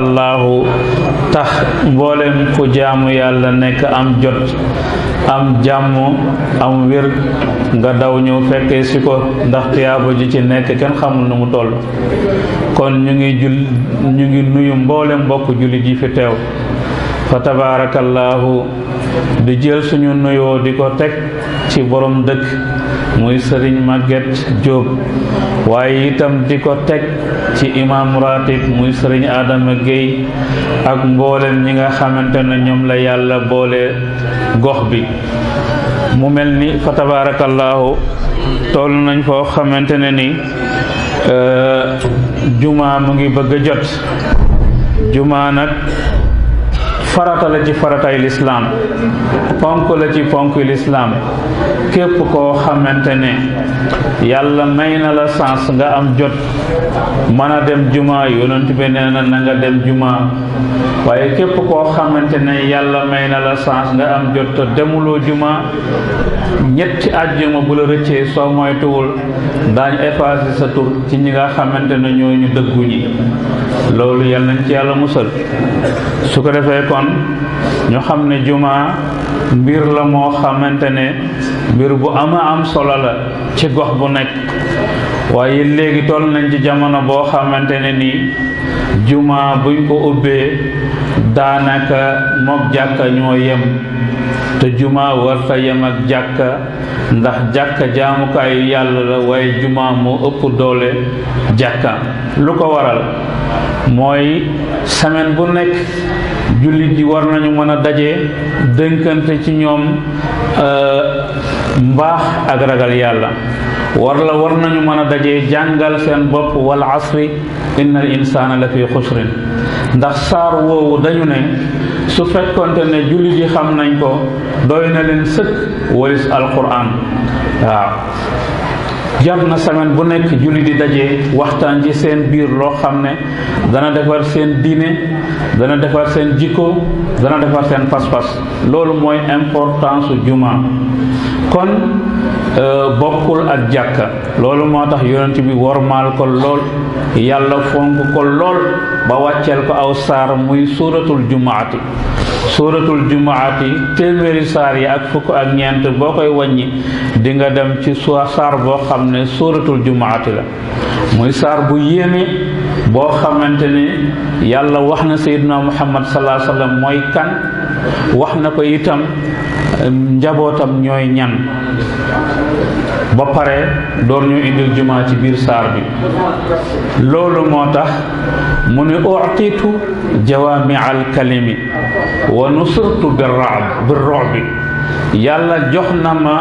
allahu tax mboolem fu jaamu yàlla nekk am jot am jàmm am wér nga daw ñëw fekkee si ko ndax tiyaaba ji ci nekk kenn xamul nu mu toll kon ñu ngi jul ngi nuyu mboolem mbokk julli yi fi teew fa tabaarakallaahu di jël suñu nuyoo di ko teg ci boroom dëkk muy sëriñ Maguette Diop waaye itam di ko teg ci imam ratib muy sëriñ Adama Guèye ak mboolem ñi nga xamante ne ñoom la yàlla boole gox bi mu mel ni fa tabaarakallaahu toll nañ foo xamante ne ni euh, jumaa mu ngi bëgg a jot jumaa nag farata la ci faratay lislaam ponk la ci ponk lislaam képp koo xamante ne yàlla may na la sens nga am jot mën a dem juma yonent bi nee na nga dem juma waaye képp koo xamante ne yàlla may na la sens nga am jot demuloo juma ñetti àjjuma bu la rëccee soo moytuwul daañu effacé sa tur ci ñi nga xamante ne ñooñu dëggu ñi loolu yal nañ ci yàlla musal su ko defee kon xam ñu xam ne jumaa mbir la moo xamante ne mbir bu ama am solo la ci gox bu nekk waaye léegi toll nañ ci jamono boo xamante ne ni jumaa buñ ko ubbee daanaka mook jàkka ñoo yem te jumaa warta yem ak jàkka ndax jàkka jaamukaayu yàlla la waaye jumaa moo ëpp doole jàkka lu ko waral mooy semaine bu nekk jullit yi war nañu mën a daje dënkante ci ñoom euh, mbaax ak ragal yàlla war la war nañu mën a daje jàngal seen bopp wal asri inna al insaana la fi xusrin ndax saar woowu dañu ne su fekkonte ne jullit yi xam nañ ko doy na leen sëkk walis alquran waaw jot na semaine bu nekk julli di dajee waxtaan ci seen biir loo xam ne dana defar seen diine dana defar seen jikko dana defar seen pas-pas loolu mooy importance su kon euh, bokkul ak jàkka loolu moo tax yonent bi wormaal ko lool yàlla fonk ko lool ba wàcceel ko aw saar muy suuratul jumaati suuratul jumaati téeméeri saar yi ak fukk ak ñeent boo koy waññi dinga dem ci saar boo xam ne suuratul jumaati la muy saar bu yéeme bo xamanteni yalla waxna sayyidina muhammad sallallahu alaihi wasallam moy kan waxna ko itam njabotam ñoy ñan ba pare door ñu indil juma ci bir sar bi lolu motax muni u'titu jawami'al kalimi wa nusirtu bir-ra'b bir-ra'b yalla joxna ma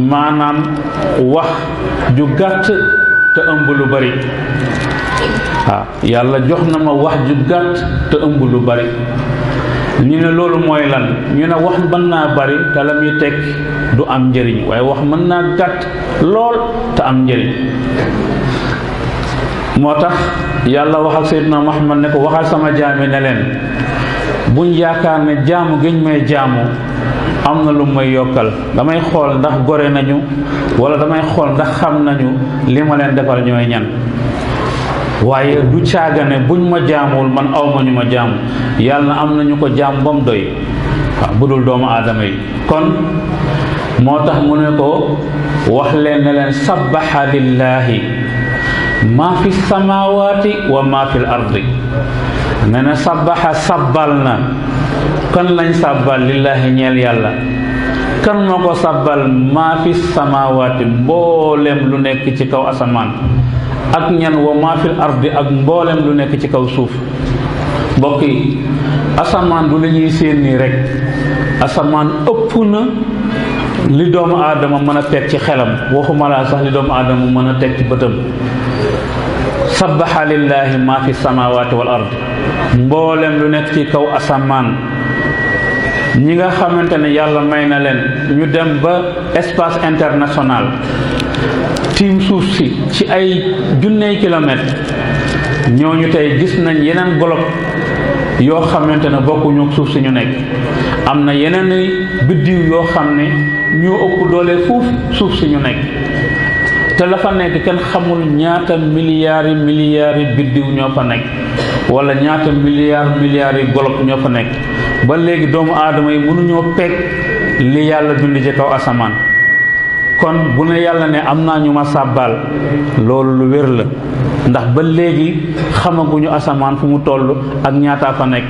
manam wax ju gatt te ëmb lu bari waaw ah, yàlla jox na ma wax ju gàtt te ëmb lu bare ñu ne loolu mooy lan ñu ne wax mën naa bari te la muy teg du am njëriñ waaye wax mën naa gàtt lool te am njëriñ moo tax yàlla waxal Seydina Muhammad ne ko waxal sama jaami ne leen buñ yaakaar ne jaamu giñ may jaamu am na lu may yokkal damay xool ndax gore nañu walla damay xool ndax xam nañu li ma leen defal ñooy ñan waaye du caaga ne buñ ma jaamul man aw ma ñu ma jaam yàlla na am ko jaam bam doy waaw ah, bu dul doomu aadama kon moo tax mu ne ko wax leen ne leen sabaxa lillahi ma fi samawaati wa ma fi ardi ne ne sabbalna, kon na kan lañ sabbal lillahi ñeel yàlla kan moo sabbal ma fi samawaati mboolem lu nekk ci kaw asamaan ak ñan wa maa fil ardi ak mboolem lu nekk ci kaw suuf mbokk yi asamaan du li ñuy séen nii rek asamaan ëpp na li doomu aadama mën a teg ci xelam waxuma laa sax li doomu aadama mën a teg ci bëtam sabaxa lillaahi maa fi samawaati wal ard mboolem lu nekk ci kaw asamaan ñi nga xamante ne yàlla may na leen ñu dem ba espace international tiim suuf si ci ay junney kilomètre ñooñu tey gis nañ yeneen bloc yoo xamante ne bokkuñu suuf si ñu nekk am na yeneen biddiw yoo xam ne ñoo ëpp doole fuuf suuf si ñu nekk te la fa nekk kenn xamul ñaata milliards yi milliards yi biddiw ñoo fa nekk walla ñaata milliards milliards yi bloc ñoo fa nekk ba léegi doomu aadama yi mënuñoo peeg li yàlla bind ci kaw asamaan kon bu ne yàlla ne am naa ñu ma sàbbaal loolu lu wér la ndax ba léegi xamaguñu asamaan fu mu toll ak ñaataa fa nekk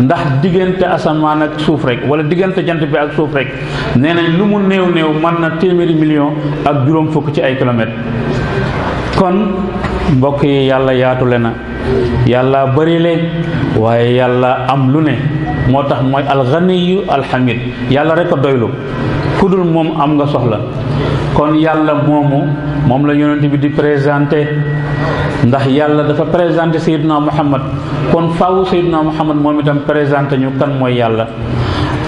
ndax diggante asamaan ak suuf rekk wala diggante jant bi ak suuf rekk nee nañ lu mu néew néew mën na téeméeri million ak juróom fukk ci ay kilomètres kon mbokk yi yàlla yaatule na yàlla bëri waaye yàlla am lu ne moo tax mooy alxaniyu alxamid yàlla rek a doylu ku dul moom am nga soxla kon yàlla momu mom la yonent bi di présenté ndax yàlla dafa présenté Seydina Muhammad kon faawu Seydina Muhammad mom itam présenté ñu kan moy yàlla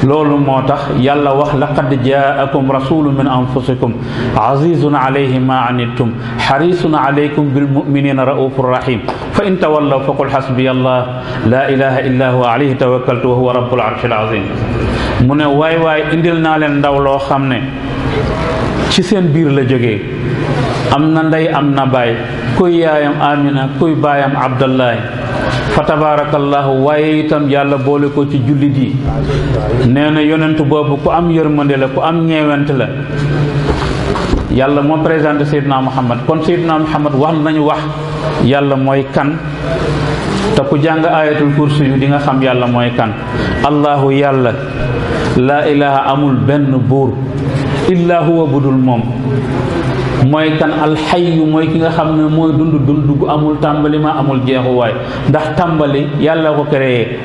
loolu motax yàlla wax laqad jaakum rasulun min anfusikum azizun alayhi ma anittum harisun alaykum bil mu'minina ra'ufur rahim fa in tawallaw faqul xasbiya allah la ilaha illa huwa alayhi tawakkaltu wa huwa rabbul arshil azim mune way way indil na len ndaw lo xamne ci seen biir la jógee am na ndey am na baay kuy yaayam amina kuy baayam abdallah fa tabarakallah waye itam yàlla boole ko ci jullit yi nee na yonent boobu ku am yërmande la ku am ñeewent la yàlla moo présenté sayidna muhammad kon sayidna muhammad wax nañu wax yàlla mooy kan te ku jàng ayatul kursi di nga xam yalla mooy kan allahu yalla, la ilaha amul benn bur. illaa huwa dul moom mooy kan alxayu mooy ki nga xam ne mooy dund dund gu amul tàmbali ma amul jeexuwaay ndax tàmbali yàlla ko créé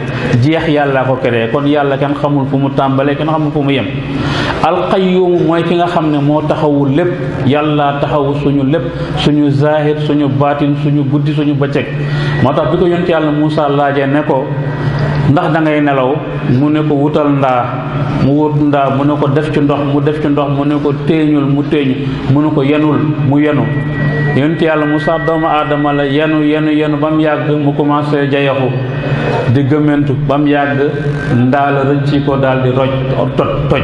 jeex yàlla ko créé kon yàlla kenn xamul fu mu tàmbalee kenn xamul fu mu yem alqayyum mooy ki nga xam ne moo taxawu lépp yàlla taxawu suñu lépp suñu zahir suñu baatin suñu guddi suñu bëccëg moo tax bi ko yonent yàlla Muusa laajee ne ko ndax dangay nelaw mu ne ko wutal ndaa mu wut ndaa mu ne ko def ci ndox mu def ci ndox mu ne ko téeñul mu téeñu mu ne ko yenul mu yenu yonent yàlla Musaa doomu aadama la yenu yenu yenu ba mu yàgg mu commencé jayaxu di gëmmentu ba mu yàgg ndaa la rëcc ko daal di roj toj toj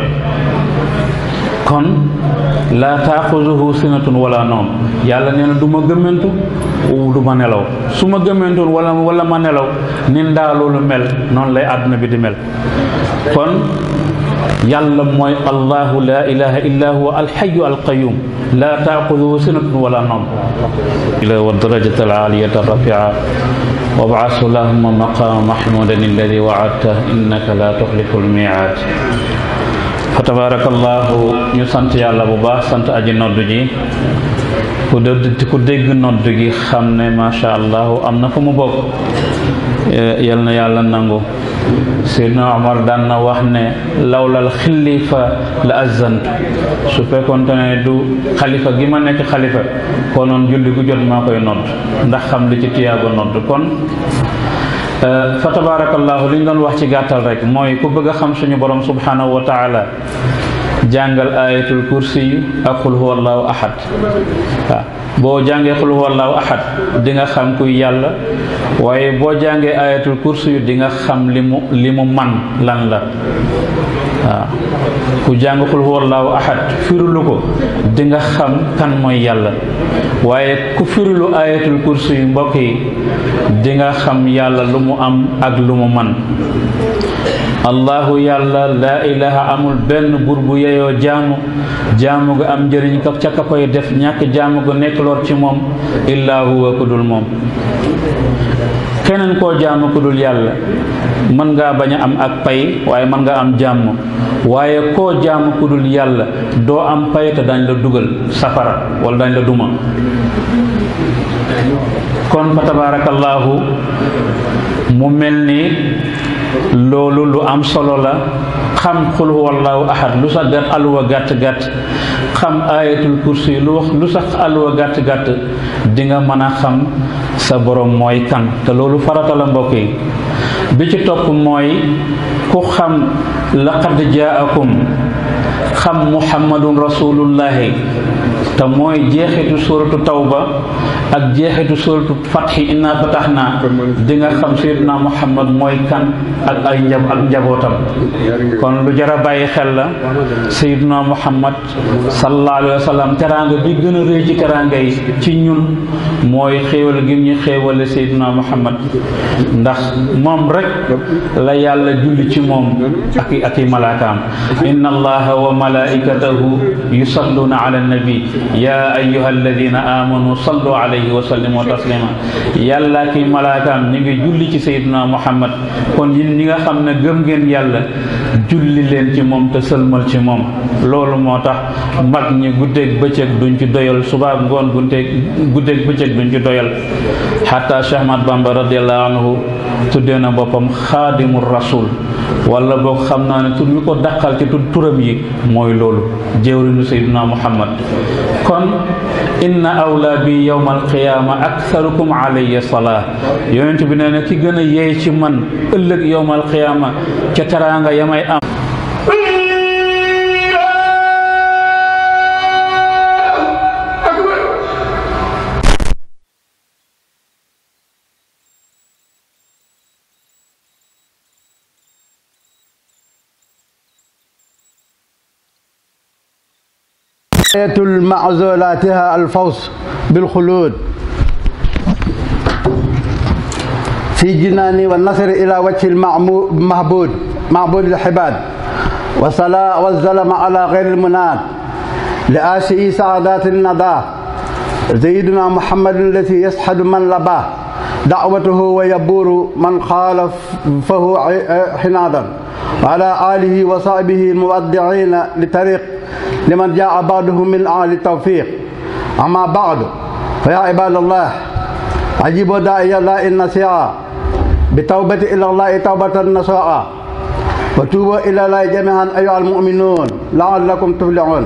kon la taquzuhu sinatun wala nawm yàlla neena duma gementu ma gëmmantu nelaw suma gementon wala wala ma nelaw nin da loolu mel non lay aduna bi di mel kon yàlla moy allah la ilaha illa huwa al hayy al qayyum لا sinatun سنة ولا نوم إلى darajata العالية rafia وابعث اللهم مقام محمودا الذي وعدته انك لا تخلف الميعاد fa tabaarakallaahu ñu sant yàlla bu baax sant aji nodd ji ku dëdd ku dégg nodd gi xam ne macha allah am na fu mu bokk eh, yal na yàlla nangu Seydina Omar daan na wax ne lawlal xilifa la azantu su fekkoonte ne du xalifa gi ma nekk xalifa konoon julli gu jot maa koy nodd ndax xam li ci tiyaabu nodd kon فتبارك الله لين دون واخ سي غاتال رك موي كو بغا خام سونو بروم سبحانه وتعالى jàngal ayatul kursi ak xul huwallaahu ahad boo jàngee xul huwallaahu ahad di xam kuy yàlla waaye boo jàngee ayatul kursi di nga xam li mu li mu man lan la waaw ku jàng xul huwallaahu ahad firulu ko di xam kan mooy yàlla waaye ku firulu ayatul kursi yu mbokk yi dinga xam yàlla lu mu am ak lu mu man allahu yàlla laa ilaha amul benn buur bu yeyoo jaamu jaamu gu am njëriñ ka ca ka koy def ñàkk jaamu ga nekk lor ci moom illaa huwa ku dul moom keneen koo jaamu ku dul yàlla mën ngaa bañ a am ak pay waaye mën nga am jàmm waaye koo jàmm ku dul yàlla doo am pay te dañ la dugal safara wala dañ la duma kon fa tabaarakallaahu mu mel ni loolu lu am solo la xam xul wallahu ahad lu sa def alwa gatt gatt xam ayatul kursi lu wax lu sax alwa gatt gatt di nga mën a xam sa borom mooy kan te loolu farata la mbokk bi ci topp mooy ku xam laqad jaakum xam muhammadun Rasulullah. te mooy jeexitu suuratu tawba ak jeexitu suuratu fatxi inna fataxna di nga xam sayyidina muhammad mooy kan ak ay njab njabootam kon lu jar a bàyyi xel la sayyidina muhammad sallallahu alayhi wa sallam teraanga bi gën a rëy ci teraanga yi ci ñun mooy xéewal gi ñu xéewale sayyidina muhammad ndax moom rek la yàlla julli ci moom ak ak i malaakaam inna allaha wa malaikatahu yusalluna ala nabi yaa ayyuha alladina amanu sallu alayhi wa sallimu taslima yàlla ki malaataam ñi ngi julli ci sayyidina muhammad kon yi ñi nga xam ne gëm ngeen yàlla julli leen ci moom te sëlmal ci moom loolu moo tax mag ñi guddeeg bëccëg duñ ci doyal subaab ngoon guddeeg guddeeg bëccëg duñ ci doyal xataa Cheikh Ahmad Bamba radiallahu anhu tuddee na boppam xaadimu rasul wala bok xamna ne tur bi ko dakal ci turam yi moy mooy jeewri nu sayyiduna muhammad kon inna awla bi yowma alqiyaama aktharukum alayya salaa yonent bi ne ki gëna a yey ci man ëllëg yowma qiyamah ci taranga yamay am نهاية المعزولاتها الفوز بالخلود في جنان والنصر إلى وجه المعبود معبود الحباد وصلاة والزلم على غير المناد لآسئي سعادات النضاة سيدنا محمد الذي يسحد من لباه دعوته ويبور من خالفه حنادا وعلى آله وصحبه المودعين لطريق لمن جاء بعده من آل التوفيق أما بعد فيا عباد الله أجيبوا داعي الله النسيعة بتوبه إلى الله توبة نصوعا وتوبوا إلى الله جميعا أيها المؤمنون لعلكم تفلحون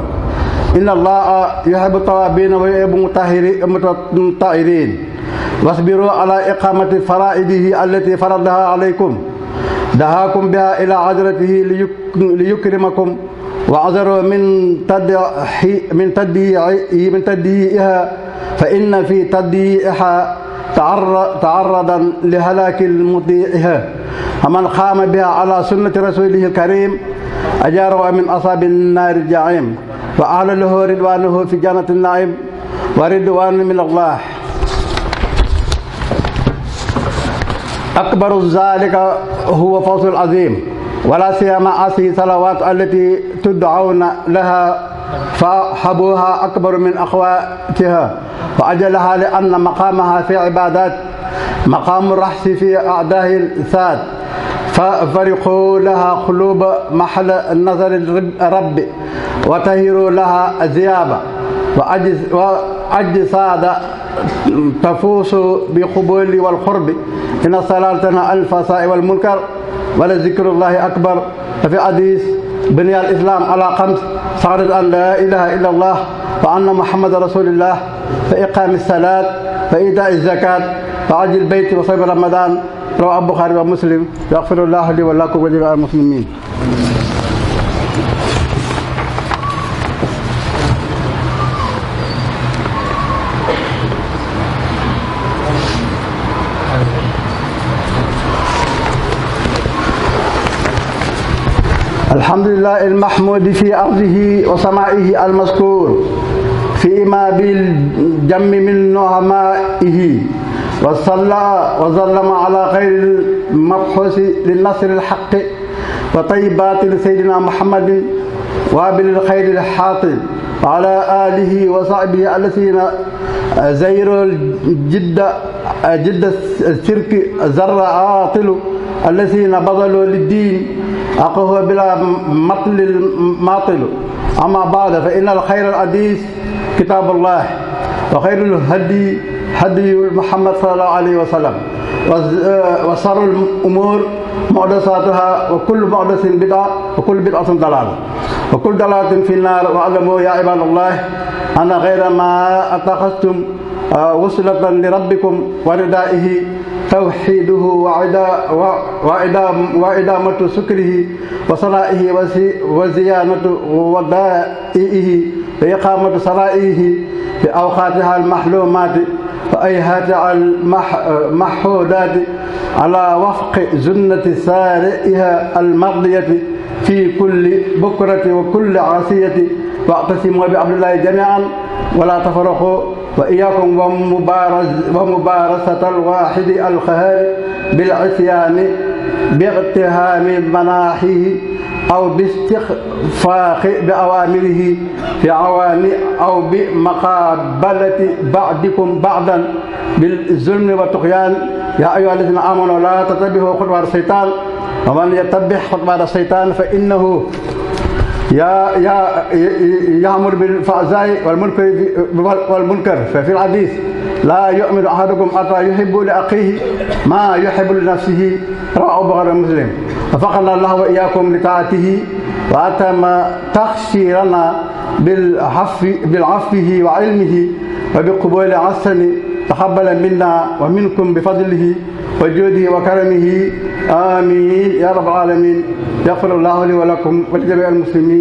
إن الله يحب التوابين ويحب المطهرين واصبروا على إقامة فرائده التي فرضها عليكم دهاكم بها إلى عذرته ليكرمكم وعذر من من من تدييعها فإن في تدييعها تعرضا لهلاك المضيئها ومن قام بها على سنة رسوله الكريم أجار من أصاب النار الجعيم فأعلى له رضوانه في جنة النعيم ورضوان من الله أكبر ذلك هو فوز العظيم ولا سيما أصي صلوات التي تدعون لها فحبوها أكبر من أخواتها وأجلها لأن مقامها في عبادات مقام الرحس في أعداء الثاد ففرقوا لها قلوب محل النظر الرب وطهروا لها ذيابا وأجساد تفوس بقبول والقرب إن صلاتنا الفساء والمنكر ولذكر الله أكبر ففي حديث بني الإسلام على خمس صارت أن لا إله إلا الله وأن محمد رسول الله فإقام الصلاة فإيتاء الزكاة وعج البيت وصيب رمضان رواه البخاري ومسلم يغفر الله لي ولكم ولجميع المسلمين الحمد لله المحمود في أرضه وسمائه المذكور فيما بالجم من نعمائه وصلى وظلم على غير المبحوث للنصر الحق وطيبات سيدنا محمد وابل الخير الحاطب وعلى آله وصحبه الذين زيروا الجد جد السرك زر عاطل الذين بذلوا للدين أقوه بلا مطل الماطل أما بعد فإن الخير الحديث كتاب الله وخير الهدي هدي محمد صلى الله عليه وسلم وصار آه، الأمور مؤدساتها وكل مؤدس بدعة وكل بدعة ضلالة وكل ضلالة في النار واعلموا يا عباد الله أن غير ما اتخذتم آه، وصلة لربكم وردائه توحيده وإدامة سكره وصلائه وزيانة ودائه وإقامة صلائه أوقاتها المحلومات وأيهاتها المحودات على وفق جنة سارئها المرضية في كل بكرة وكل عاصية واعتصموا بعبد الله جميعا ولا تفرقوا وإياكم ومبارز ومبارزة الواحد القهار بالعصيان باغتهام مناحيه أو باستخفاق بأوامره في عوام أو بمقابلة بعضكم بعضا بالظلم والطغيان يا أيها الذين آمنوا لا تتبعوا خطوات الشيطان ومن يتبع خطوات الشيطان فإنه يا يا يأمر بالفحشاء والمنكر والمنكر ففي الحديث لا يؤمن أحدكم حتى يحب لأخيه ما يحب لنفسه رواه البخاري ومسلم وفقنا الله وإياكم لطاعته وأتم تخشيرنا بالعف بالعفو وعلمه وبقبول حسن تقبل منا ومنكم بفضله وجوده وكرمه آمين يا رب العالمين يغفر الله لي ولكم ولجميع المسلمين